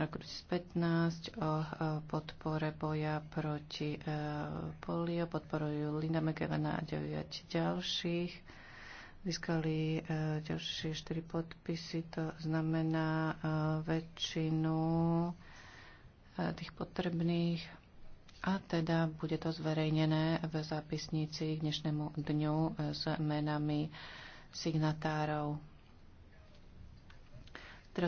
roku 2015 o podpore boja proti e, polio. Podporujú Linda McEvena a 9 ďalších. Získali e, ďalšie 4 podpisy, to znamená e, väčšinu tých potrebných. A teda bude to zverejnené v zápisnici k dnešnému dňu s menami signatárov.